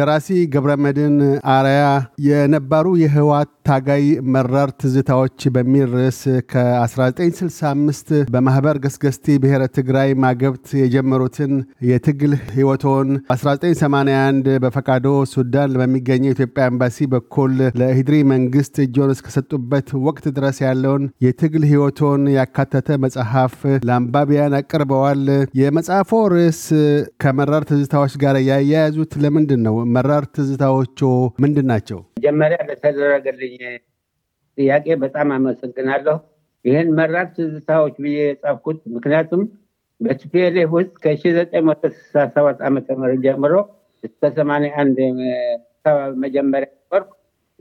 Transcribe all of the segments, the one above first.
ደራሲ መድን አርያ የነባሩ የህወሓት ታጋይ መራር ትዝታዎች በሚል ርዕስ ከ1965 በማኅበር ገስገስቲ ብሔረ ትግራይ ማገብት የጀመሩትን የትግል ሕይወቶን 1981 በፈቃዶ ሱዳን በሚገኘው ኢትዮጵያ ኤምባሲ በኩል ለሂድሪ መንግሥት እጆን እስከሰጡበት ወቅት ድረስ ያለውን የትግል ሕይወቶን ያካተተ መጽሐፍ ለአንባቢያን አቅርበዋል። የመጽሐፎ ርዕስ ከመራር ትዝታዎች ጋር ያያያዙት ለምንድን ነው? መራር ትዝታዎቹ ምንድን ናቸው? መጀመሪያ ለተደረገልኝ ጥያቄ በጣም አመሰግናለሁ። ይህን መራር ትዝታዎች ብዬ የጻፍኩት ምክንያቱም በቲፒኤልኤፍ ውስጥ ከ1967 ዓ ም ጀምሮ እስከ 81 መጀመሪያ ወርኩ።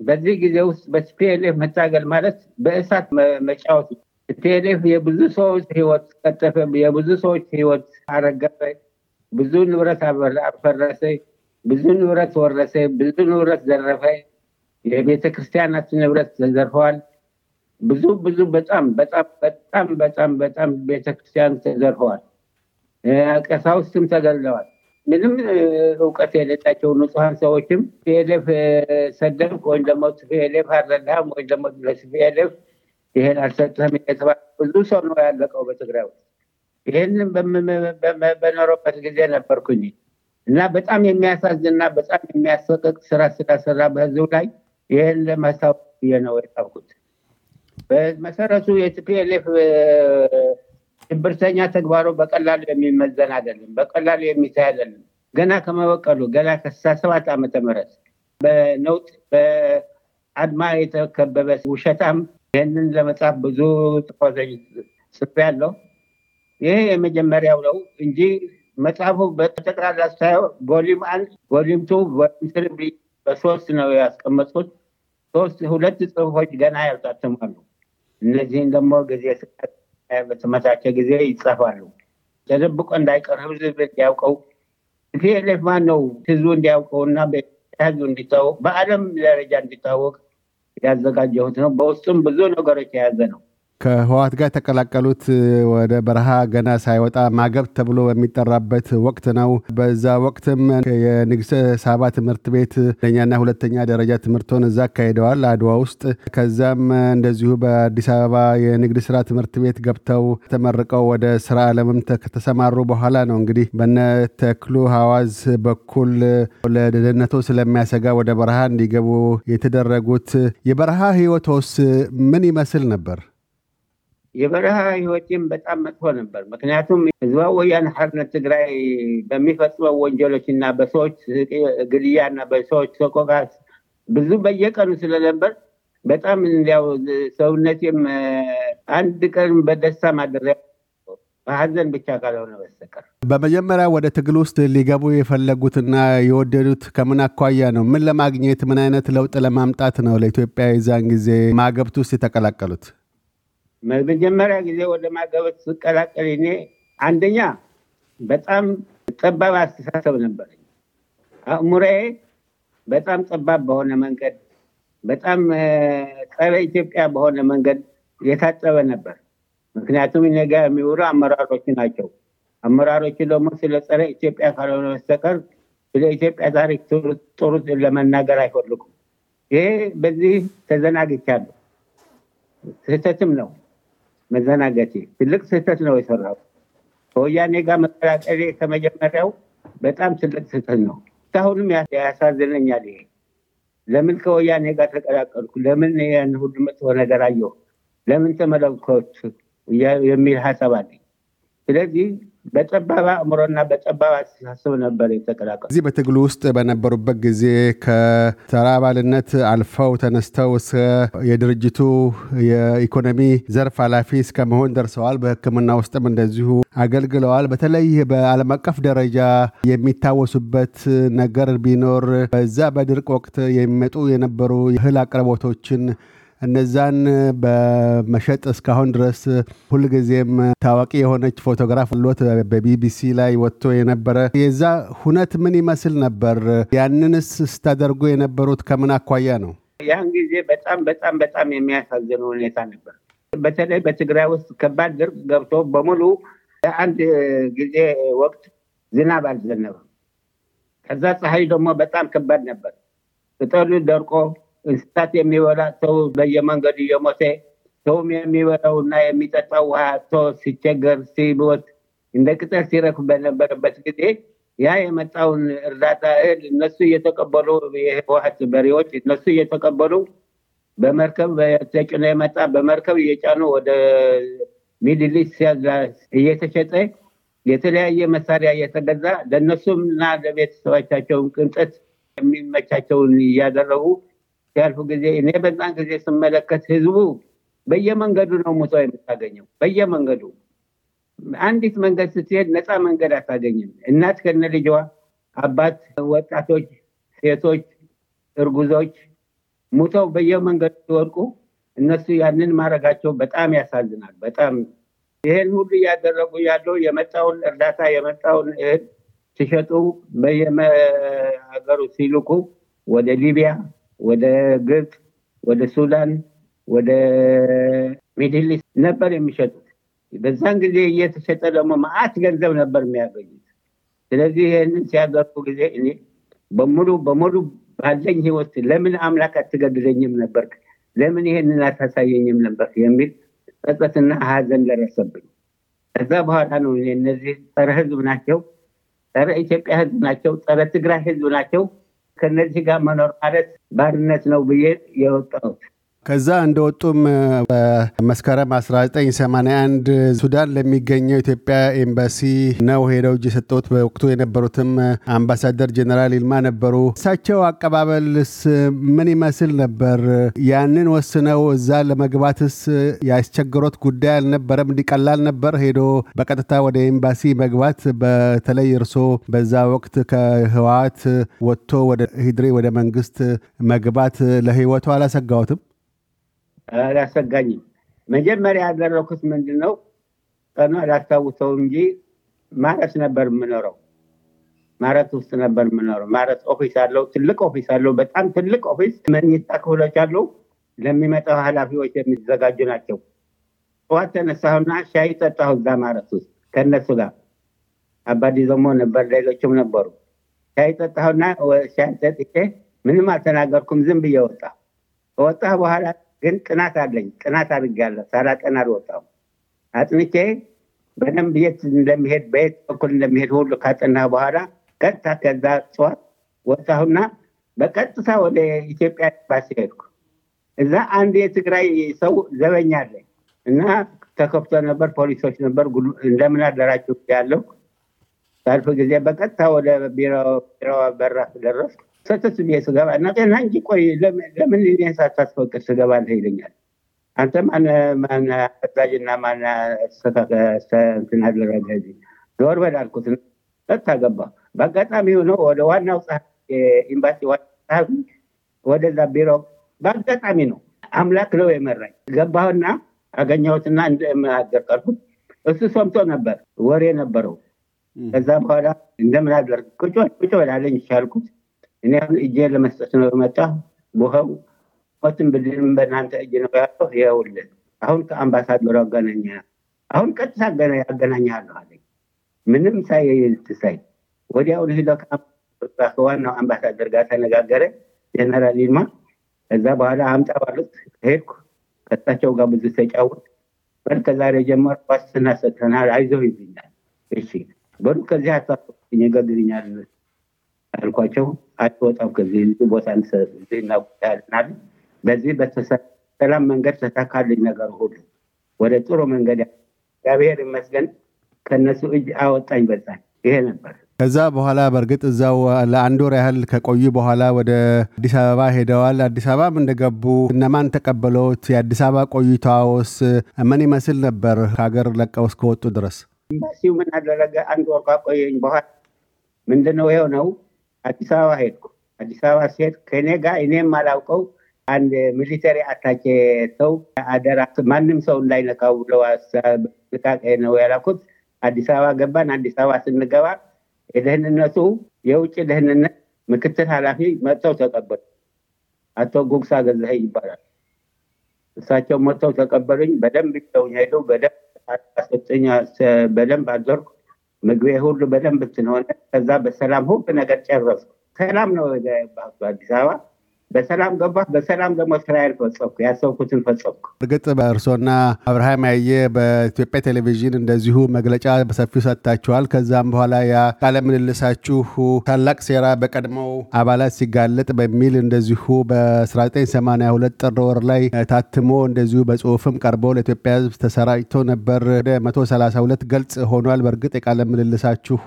በዚህ ጊዜ ውስጥ በቲፒኤልኤፍ መታገል ማለት በእሳት መጫወት። ቲፒኤልኤፍ የብዙ ሰዎች ህይወት ቀጠፈ፣ የብዙ ሰዎች ህይወት አረገፈ፣ ብዙ ንብረት አፈረሰ፣ ብዙ ንብረት ወረሰ፣ ብዙ ንብረት ዘረፈ። የቤተ ክርስቲያናት ንብረት ተዘርፈዋል። ብዙ ብዙ በጣም በጣም በጣም በጣም በጣም ቤተክርስቲያን ተዘርፈዋል። ቀሳውስትም ተገለዋል ምንም እውቀት የሌጣቸው ንጹሐን ሰዎችም ፒኤልኤፍ ሰደብክ ወይም ደሞ ፒኤልኤፍ አልረዳህም ወይም ደሞ ፒኤልኤፍ ይሄን አልሰጥህም የተባለ ብዙ ሰው ነው ያለቀው በትግራይ ውስጥ። በኖረበት ጊዜ ነበርኩኝ እና በጣም የሚያሳዝንና በጣም የሚያሰቀቅ ስራ ስለሰራ በህዝብ ላይ ይህን ለማስታወቅ ነው የጠብኩት በመሰረቱ የቲፒኤልኤፍ ሽብርተኛ ተግባሩ በቀላሉ የሚመዘን አይደለም፣ በቀላሉ የሚታይ አይደለም። ገና ከመበቀሉ ገና ሰባት ዓመተ ምረት በነውጥ በአድማ የተከበበ ውሸታም ይህንን ለመጻፍ ብዙ ጥፋቶች ያለው ይህ የመጀመሪያው ነው እንጂ መጽሐፉ በጠቅላላ ሳየው ቮሊም አንድ ቮሊም ቱ ቮሊም ስሪ በሶስት ነው ያስቀመጥኩት። ሶስት ሁለት ጽሁፎች ገና ያልታተማሉ። እነዚህን ደግሞ ጊዜ በተመቻቸ ጊዜ ይጻፋሉ። ተደብቆ እንዳይቀር ህዝብ እንዲያውቀው ቲፒኤልኤፍ ማን ነው ህዝቡ እንዲያውቀው እና ህዝቡ እንዲታወቅ በአለም ደረጃ እንዲታወቅ ያዘጋጀሁት ነው። በውስጡም ብዙ ነገሮች የያዘ ነው። ከህወሓት ጋር የተቀላቀሉት ወደ በረሃ ገና ሳይወጣ ማገብ ተብሎ በሚጠራበት ወቅት ነው። በዛ ወቅትም የንግሥተ ሳባ ትምህርት ቤት አንደኛና ሁለተኛ ደረጃ ትምህርቶን እዛ አካሂደዋል አድዋ ውስጥ። ከዛም እንደዚሁ በአዲስ አበባ የንግድ ስራ ትምህርት ቤት ገብተው ተመርቀው ወደ ስራ ዓለምም ከተሰማሩ በኋላ ነው እንግዲህ በነ ተክሉ ሐዋዝ በኩል ለደህንነቶ ስለሚያሰጋ ወደ በረሃ እንዲገቡ የተደረጉት። የበረሃ ህይወቶስ ምን ይመስል ነበር? የበረሃ ህይወቴም በጣም መጥፎ ነበር። ምክንያቱም ህዝባዊ ወያነ ሓርነት ትግራይ በሚፈጽመው ወንጀሎች እና በሰዎች ግድያ እና በሰዎች ሰቆቃ ብዙ በየቀኑ ስለነበር በጣም እንዲያው ሰውነቴም አንድ ቀን በደስታ ማደሪያ በሀዘን ብቻ ካልሆነ በስተቀር በመጀመሪያ ወደ ትግል ውስጥ ሊገቡ የፈለጉትና የወደዱት ከምን አኳያ ነው? ምን ለማግኘት ምን አይነት ለውጥ ለማምጣት ነው ለኢትዮጵያ የዛን ጊዜ ማገብት ውስጥ የተቀላቀሉት? መጀመሪያ ጊዜ ወደ ማገበት ስቀላቀል እኔ አንደኛ በጣም ጠባብ አስተሳሰብ ነበረኝ። አእሙሬ በጣም ጠባብ በሆነ መንገድ፣ በጣም ጸረ ኢትዮጵያ በሆነ መንገድ የታጠበ ነበር። ምክንያቱም ነገ የሚውሉ አመራሮች ናቸው። አመራሮች ደግሞ ስለ ጸረ ኢትዮጵያ ካልሆነ በስተቀር ስለ ኢትዮጵያ ታሪክ ጥሩ ለመናገር አይፈልጉም። ይሄ በዚህ ተዘናግቻለሁ፣ ስህተትም ነው። መዘናገቴ ትልቅ ስህተት ነው የሰራው። ከወያኔ ጋር መቀላቀሌ ከመጀመሪያው በጣም ትልቅ ስህተት ነው። እስካሁንም ያሳዝነኛል ይሄ። ለምን ከወያኔ ጋር ተቀላቀልኩ? ለምን ያን ሁሉ መጥፎ ነገር አየሁ? ለምን ተመለከቱ የሚል ሀሳብ አለኝ። ስለዚህ በጠባብ አእምሮና በጠባብ አስተሳሰብ ነበር የተቀላቀሉ። እዚህ በትግሉ ውስጥ በነበሩበት ጊዜ ከተራ አባልነት አልፈው ተነስተው እስከ የድርጅቱ የኢኮኖሚ ዘርፍ ኃላፊ እስከ መሆን ደርሰዋል። በሕክምና ውስጥም እንደዚሁ አገልግለዋል። በተለይ በዓለም አቀፍ ደረጃ የሚታወሱበት ነገር ቢኖር በዛ በድርቅ ወቅት የሚመጡ የነበሩ እህል አቅርቦቶችን እነዛን በመሸጥ እስካሁን ድረስ ሁልጊዜም ታዋቂ የሆነች ፎቶግራፍ ሎት በቢቢሲ ላይ ወጥቶ የነበረ የዛ ሁነት ምን ይመስል ነበር? ያንንስ ስታደርጉ የነበሩት ከምን አኳያ ነው? ያን ጊዜ በጣም በጣም በጣም የሚያሳዝን ሁኔታ ነበር። በተለይ በትግራይ ውስጥ ከባድ ድርቅ ገብቶ በሙሉ አንድ ጊዜ ወቅት ዝናብ አልዘነበም። ከዛ ፀሐይ ደግሞ በጣም ከባድ ነበር። ቅጠሉ ደርቆ እንስሳት የሚበላ ሰው በየመንገዱ እየሞተ ሰውም የሚበላው እና የሚጠጣው ውሃ ቶ ሲቸገር ሲቦት እንደ ቅጠል ሲረግፍ በነበረበት ጊዜ ያ የመጣውን እርዳታ እህል እነሱ እየተቀበሉ የህወሀት በሬዎች እነሱ እየተቀበሉ በመርከብ ተጭኖ የመጣ በመርከብ እየጫኑ ወደ ሚድሊስ ኢስት እየተሸጠ የተለያየ መሳሪያ እየተገዛ ለእነሱም እና ለቤተሰባቻቸውን ቅንጠት የሚመቻቸውን እያደረጉ ሲያልፉ ጊዜ እኔ በዛን ጊዜ ስመለከት ህዝቡ በየመንገዱ ነው ሙቶ የምታገኘው በየመንገዱ አንዲት መንገድ ስትሄድ ነፃ መንገድ አታገኝም እናት ከነ ልጅዋ አባት ወጣቶች ሴቶች እርጉዞች ሙተው በየመንገዱ ሲወድቁ እነሱ ያንን ማድረጋቸው በጣም ያሳዝናል በጣም ይህን ሁሉ እያደረጉ ያለው የመጣውን እርዳታ የመጣውን እህል ሲሸጡ በየሀገሩ ሲልኩ ወደ ሊቢያ ወደ ግብፅ፣ ወደ ሱዳን፣ ወደ ሚድሊስ ነበር የሚሸጡት። በዛን ጊዜ እየተሸጠ ደግሞ መዓት ገንዘብ ነበር የሚያገኙት። ስለዚህ ይህንን ሲያገርቡ ጊዜ እኔ በሙሉ በሙሉ ባለኝ ህይወት ለምን አምላክ አትገድለኝም ነበር? ለምን ይሄንን አታሳየኝም ነበር? የሚል ጸጸትና ሀዘን ደረሰብኝ። ከዛ በኋላ ነው እነዚህ ጸረ ህዝብ ናቸው፣ ጸረ ኢትዮጵያ ህዝብ ናቸው፣ ጸረ ትግራይ ህዝብ ናቸው ከነዚህ ጋር መኖር ማለት ባርነት ነው ብዬ የወጣሁት ከዛ እንደወጡም በመስከረም 1981 ሱዳን ለሚገኘው ኢትዮጵያ ኤምባሲ ነው ሄደው እጅ የሰጠሁት። በወቅቱ የነበሩትም አምባሳደር ጀኔራል ይልማ ነበሩ። እሳቸው አቀባበልስ ምን ይመስል ነበር? ያንን ወስነው እዛ ለመግባትስ ያስቸግሮት ጉዳይ አልነበረም? እንዲቀላል ነበር ሄዶ በቀጥታ ወደ ኤምባሲ መግባት? በተለይ እርሶ በዛ ወቅት ከህወሓት ወጥቶ ወደ ሂድሪ ወደ መንግስት መግባት ለህይወቱ አላሰጋዎትም? አላሰጋኝም። መጀመሪያ ያደረኩት ምንድን ነው? ቀኑ አላስታውሰው እንጂ ማረት ነበር የምኖረው። ማረት ውስጥ ነበር የምኖረው። ማረት ኦፊስ አለው፣ ትልቅ ኦፊስ አለው፣ በጣም ትልቅ ኦፊስ። መኝታ ክፍሎች አለው። ለሚመጣው ኃላፊዎች የሚዘጋጁ ናቸው። ጠዋት ተነሳሁና ሻይ ጠጣሁ እዛ ማረት ውስጥ ከእነሱ ጋር አባዲ ዘሞ ነበር፣ ሌሎችም ነበሩ። ሻይ ጠጣሁና ሻይ ጠጥቼ ምንም አልተናገርኩም። ዝም ብዬ ወጣ ከወጣ በኋላ ግን ጥናት አለኝ። ጥናት አድርጌያለሁ። ሳላጠና አልወጣሁም። አጥንቼ በደንብ የት እንደሚሄድ በየት በኩል እንደሚሄድ ሁሉ ካጠና በኋላ ቀጥታ ከዛ እጽዋት ወጣሁና በቀጥታ ወደ ኢትዮጵያ ኤምባሲ ሄድኩ። እዛ አንድ የትግራይ ሰው ዘበኛ አለኝ እና ተከፍቶ ነበር። ፖሊሶች ነበር። እንደምን አደራችሁ ያለው ሳልፍ ጊዜ በቀጥታ ወደ ቢሮ በር ደረስኩ። ሰተት ብዬ ስገባ እና እናጤና እንጂ ቆይ ለምን እኔን ሳታስፈቅድ ስገባለህ ይለኛል። አንተ ማን ማን እና ማን እንትን አደረገ ዞር በል አልኩት። ቀጥታ ገባ። በአጋጣሚ ሆኖ ወደ ዋናው ኤምባሲ ጸሐፊ ወደዛ ቢሮ በአጋጣሚ ነው አምላክ ነው የመራኝ። ገባሁና አገኘሁትና እንደምናደርቀልኩት እሱ ሰምቶ ነበር ወሬ ነበረው። ከዛ በኋላ እንደምን አደርግ ቁጭ ቁጭ በላለኝ ይሻልኩት እኔ እጄ ለመስጠት ነው የመጣ ውሃው ሞትን ብድርም በእናንተ እጅ ነው ያለው። ይኸውልህ አሁን ከአምባሳደሩ አገናኛ አሁን ቀጥታ አገናኛለሁ አለ ምንም ሳይ ሳይትሳይ ወዲያው ሄዶ ከዋናው አምባሳደር ጋር ተነጋገረ ጀነራል ይልማ። ከዛ በኋላ አምጣ ባሉት ሄድኩ። ከእሳቸው ጋር ብዙ ተጫወት። በል ከዛሬ ጀመር ዋስትና ሰጥተናል፣ አይዞህ ይሉኛል። እሺ በሉ ከዚህ አቷ ይገግልኛል አልኳቸው። አይወጣም ከዚህ ቦታ እናቁጣልናል። በዚህ በሰላም መንገድ ተሳካልኝ ነገር ሁሉ ወደ ጥሩ መንገድ እግዚአብሔር ይመስገን ከእነሱ እጅ አወጣኝ። በዛ ይሄ ነበር። ከዛ በኋላ በእርግጥ እዛው ለአንድ ወር ያህል ከቆዩ በኋላ ወደ አዲስ አበባ ሄደዋል። አዲስ አበባም እንደገቡ እነማን ተቀበለውት? የአዲስ አበባ ቆይታዎስ ምን ይመስል ነበር? ከሀገር ለቀው እስከወጡ ድረስ ኤምባሲው ምን አደረገ? አንድ ወር ካቆየኝ በኋላ ምንድነው ይኸው ነው አዲስ አበባ ሄድኩ። አዲስ አበባ ሲሄድ ከኔ ጋር እኔም አላውቀው አንድ ሚሊተሪ አታቼ ሰው አደራ ማንም ሰው እንዳይነካው ብለው ልቃቄ ነው ያላኩት። አዲስ አበባ ገባን። አዲስ አበባ ስንገባ የደህንነቱ የውጭ ደህንነት ምክትል ኃላፊ መጥተው ተቀበሉ። አቶ ጉግሳ ገዛኸኝ ይባላል። እሳቸው መጥተው ተቀበሉኝ። በደንብ ይተውኝ ሄዱ። በደንብ አሰጡኝ። በደንብ አዞርኩ። ምግቤ ሁሉ በደንብ ስለሆነ ከዛ በሰላም ሁሉ ነገር ጨረስኩ። ሰላም ነው አዲስ አበባ በሰላም ገባ በሰላም ደግሞ እስራኤል ፈጸምኩ፣ ያሰብኩትን ፈጸምኩ። እርግጥ በእርሶና አብርሃም ያየ በኢትዮጵያ ቴሌቪዥን እንደዚሁ መግለጫ በሰፊው ሰጥታችኋል። ከዛም በኋላ ያ ቃለ ምልልሳችሁ ታላቅ ሴራ በቀድሞው አባላት ሲጋለጥ በሚል እንደዚሁ በ1982 ጥር ወር ላይ ታትሞ እንደዚሁ በጽሁፍም ቀርቦ ለኢትዮጵያ ህዝብ ተሰራጭቶ ነበር። ወደ 132 ገልጽ ሆኗል። በእርግጥ የቃለ ምልልሳችሁ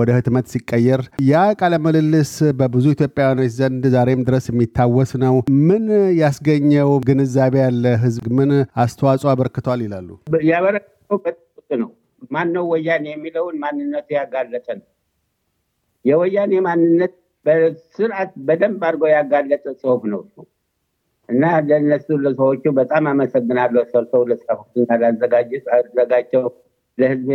ወደ ህትመት ሲቀየር ያ ቃለ ምልልስ በብዙ ኢትዮጵያውያኖች ዘንድ ዛሬም ድረስ የሚ የሚታወስ ነው። ምን ያስገኘው ግንዛቤ ያለ ህዝብ ምን አስተዋጽኦ አበርክቷል ይላሉ? ያበረክተው በጥብቅ ነው። ነው ወያኔ የሚለውን ማንነቱ ያጋለጠ ነው። የወያኔ ማንነት በስርዓት በደንብ አድርገው ያጋለጠ ጽሁፍ ነው እና ለነሱ ለሰዎቹ በጣም አመሰግናለሁ። ሰርተው ለጻፉትና ላዘጋጃቸው ለህዝብ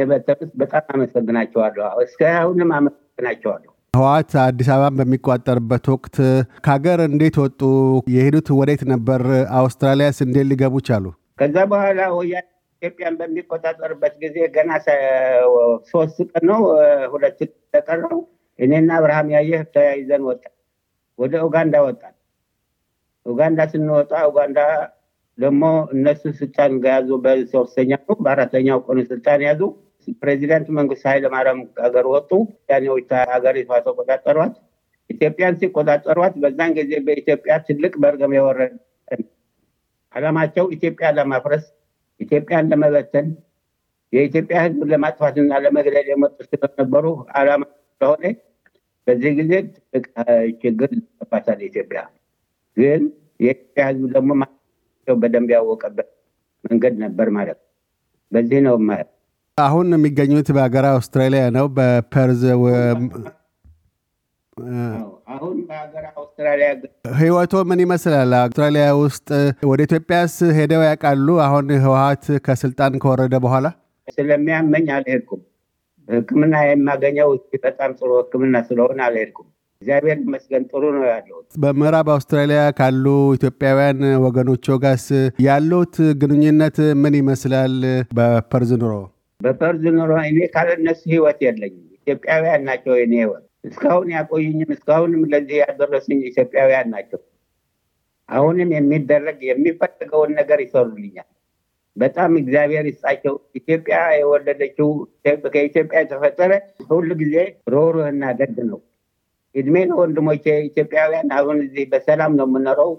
በጣም አመሰግናቸዋለሁ። እስከ አሁንም አመሰግናቸዋለሁ። ህወሓት አዲስ አበባን በሚቋጠርበት ወቅት ከሀገር እንዴት ወጡ? የሄዱት ወዴት ነበር? አውስትራሊያስ እንዴት ሊገቡ ቻሉ? ከዛ በኋላ ወያኔ ኢትዮጵያን በሚቆጣጠርበት ጊዜ ገና ሶስት ቀን ነው ሁለት ተቀረው እኔና አብርሃም ያየህ ተያይዘን ወጣ ወደ ኡጋንዳ ወጣ። ኡጋንዳ ስንወጣ ኡጋንዳ ደግሞ እነሱ ስልጣን ያዙ። በሶስተኛ በአራተኛው ቀኑ ስልጣን ያዙ። ፕሬዚዳንት መንግስት ኃይለማርያም ሀገር ወጡ። ያኔዎች ሀገሪቷ ተቆጣጠሯት። ኢትዮጵያን ሲቆጣጠሯት በዛን ጊዜ በኢትዮጵያ ትልቅ በርገም የወረደ አላማቸው ኢትዮጵያን ለማፍረስ፣ ኢትዮጵያን ለመበተን፣ የኢትዮጵያ ሕዝብ ለማጥፋትና ለመግደል የመጡ ስለነበሩ አላማ ስለሆነ በዚህ ጊዜ ትልቅ ችግር ይጠባታል ኢትዮጵያ። ግን የኢትዮጵያ ህዝብ ደግሞ በደንብ ያወቀበት መንገድ ነበር ማለት ነው። በዚህ ነው ማለት አሁን የሚገኙት በሀገራ አውስትራሊያ ነው፣ በፐርዝ አሁን በሀገር አውስትራሊያ። ህይወቶ ምን ይመስላል? አውስትራሊያ ውስጥ ወደ ኢትዮጵያስ ሄደው ያውቃሉ? አሁን ህወሀት ከስልጣን ከወረደ በኋላ ስለሚያመኝ አልሄድኩም። ህክምና የማገኘው በጣም ጥሩ ህክምና ስለሆነ አልሄድኩም። እግዚአብሔር ይመስገን ጥሩ ነው ያለሁት። በምዕራብ አውስትራሊያ ካሉ ኢትዮጵያውያን ወገኖች ጋስ ያሉት ግንኙነት ምን ይመስላል? በፐርዝ ኑሮ በፈርዝ ኑሮ እኔ ካለነሱ ህይወት የለኝም። ኢትዮጵያውያን ናቸው የኔ ህይወት። እስካሁን ያቆዩኝም እስካሁንም ለዚህ ያደረሱኝ ኢትዮጵያውያን ናቸው። አሁንም የሚደረግ የሚፈለገውን ነገር ይሰሩልኛል። በጣም እግዚአብሔር ይስጣቸው። ኢትዮጵያ የወለደችው ከኢትዮጵያ የተፈጠረ ሁሉ ጊዜ ሮሮህና ደግ ነው። እድሜ ነው ወንድሞቼ ኢትዮጵያውያን አሁን እዚህ በሰላም ነው የምኖረው።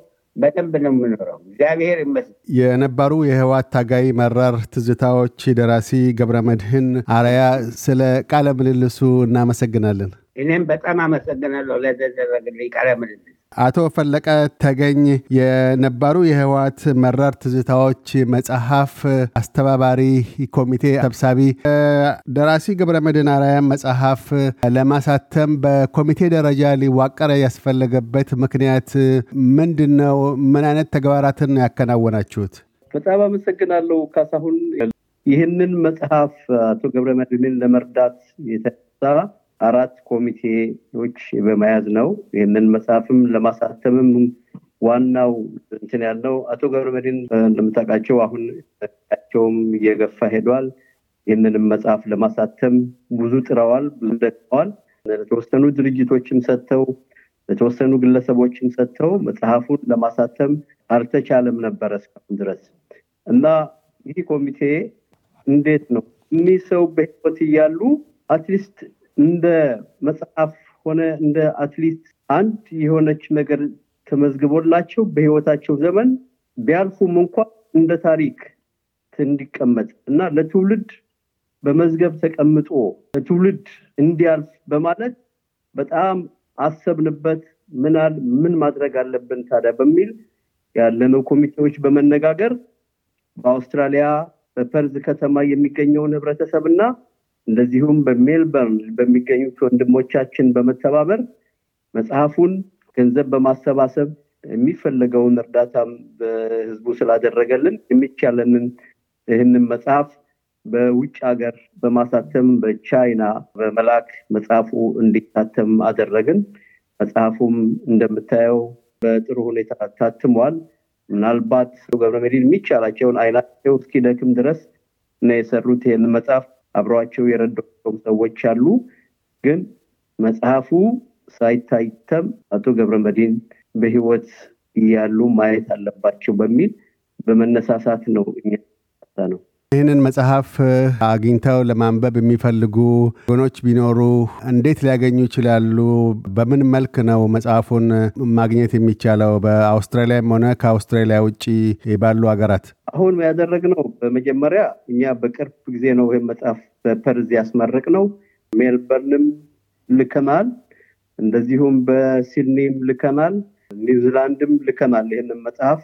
በደንብ ነው የምኖረው። እግዚአብሔር ይመስገን። የነባሩ የህወሓት ታጋይ መራር ትዝታዎች ደራሲ ገብረ መድህን አርአያ ስለ ቃለ ምልልሱ እናመሰግናለን። እኔም በጣም አመሰግናለሁ ለተደረገልኝ ቃለ ምልልስ። አቶ ፈለቀ ተገኝ የነባሩ የህወሓት መራር ትዝታዎች መጽሐፍ አስተባባሪ ኮሚቴ ሰብሳቢ፣ ደራሲ ገብረ መድን አርያም መጽሐፍ ለማሳተም በኮሚቴ ደረጃ ሊዋቀረ ያስፈለገበት ምክንያት ምንድን ነው? ምን አይነት ተግባራትን ያከናወናችሁት? በጣም አመሰግናለሁ ካሳሁን። ይህንን መጽሐፍ አቶ ገብረ መድንን ለመርዳት የተነሳ አራት ኮሚቴዎች በመያዝ ነው። ይህንን መጽሐፍም ለማሳተምም ዋናው እንትን ያለው አቶ ገብረመድህን እንደምታውቃቸው አሁን ቸውም እየገፋ ሄዷል። ይህንንም መጽሐፍ ለማሳተም ብዙ ጥረዋል፣ ብዙ ደክመዋል። ለተወሰኑ ድርጅቶችም ሰጥተው ለተወሰኑ ግለሰቦችም ሰጥተው መጽሐፉን ለማሳተም አልተቻለም ነበረ እስካሁን ድረስ እና ይህ ኮሚቴ እንዴት ነው እኒህ ሰው በህይወት እያሉ አትሊስት እንደ መጽሐፍ ሆነ እንደ አትሊስት አንድ የሆነች ነገር ተመዝግቦላቸው በህይወታቸው ዘመን ቢያልፉም እንኳ እንደ ታሪክ እንዲቀመጥ እና ለትውልድ በመዝገብ ተቀምጦ ለትውልድ እንዲያልፍ በማለት በጣም አሰብንበት። ምናል ምን ማድረግ አለብን ታዲያ በሚል ያለነው ኮሚቴዎች በመነጋገር በአውስትራሊያ በፐርዝ ከተማ የሚገኘውን ህብረተሰብ እና እንደዚሁም በሜልበርን በሚገኙት ወንድሞቻችን በመተባበር መጽሐፉን ገንዘብ በማሰባሰብ የሚፈለገውን እርዳታም በህዝቡ ስላደረገልን የሚቻለንን ይህንን መጽሐፍ በውጭ ሀገር በማሳተም በቻይና በመላክ መጽሐፉ እንዲታተም አደረግን። መጽሐፉም እንደምታየው በጥሩ ሁኔታ ታትሟል። ምናልባት ገብረመድህን የሚቻላቸውን አይናቸው እስኪደክም ድረስ ነው የሰሩት ይህን መጽሐፍ አብረቸው የረዳቸው ሰዎች አሉ። ግን መጽሐፉ ሳይታተም አቶ ገብረ መዲን በህይወት እያሉ ማየት አለባቸው በሚል በመነሳሳት ነው እኛ ነው ይህንን መጽሐፍ አግኝተው ለማንበብ የሚፈልጉ ጎኖች ቢኖሩ እንዴት ሊያገኙ ይችላሉ? በምን መልክ ነው መጽሐፉን ማግኘት የሚቻለው? በአውስትራሊያም ሆነ ከአውስትራሊያ ውጭ ባሉ ሀገራት አሁን ያደረግነው በመጀመሪያ እኛ በቅርብ ጊዜ ነው ይህም መጽሐፍ በፐርዝ ያስመረቅ ነው። ሜልበርንም ልከማል፣ እንደዚሁም በሲድኒም ልከማል፣ ኒውዚላንድም ልከማል ይህንን መጽሐፍ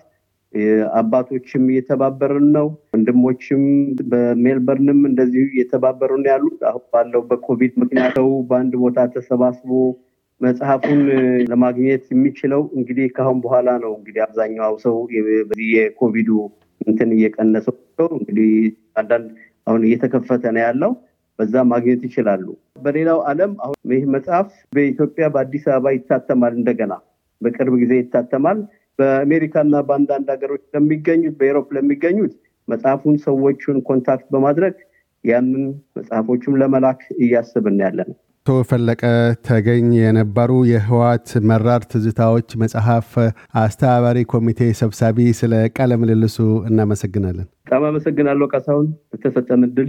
አባቶችም እየተባበርን ነው። ወንድሞችም በሜልበርንም እንደዚሁ እየተባበሩ ነው ያሉት። አሁን ባለው በኮቪድ ምክንያት ሰው በአንድ ቦታ ተሰባስቦ መጽሐፉን ለማግኘት የሚችለው እንግዲህ ከአሁን በኋላ ነው። እንግዲህ አብዛኛው ሰው የኮቪዱ እንትን እየቀነሰው እንግዲህ አንዳንድ አሁን እየተከፈተ ነው ያለው በዛ ማግኘት ይችላሉ። በሌላው ዓለም አሁን ይህ መጽሐፍ በኢትዮጵያ በአዲስ አበባ ይታተማል። እንደገና በቅርብ ጊዜ ይታተማል። በአሜሪካና በአንዳንድ ሀገሮች ለሚገኙት በኤሮፕ ለሚገኙት መጽሐፉን ሰዎቹን ኮንታክት በማድረግ ያንን መጽሐፎቹም ለመላክ እያስብን ያለ ነው። አቶ ፈለቀ ተገኝ የነበሩ የህወሓት መራር ትዝታዎች መጽሐፍ አስተባባሪ ኮሚቴ ሰብሳቢ፣ ስለ ቃለ ምልልሱ እናመሰግናለን። በጣም አመሰግናለሁ ካሳሁን ለተሰጠን እድል።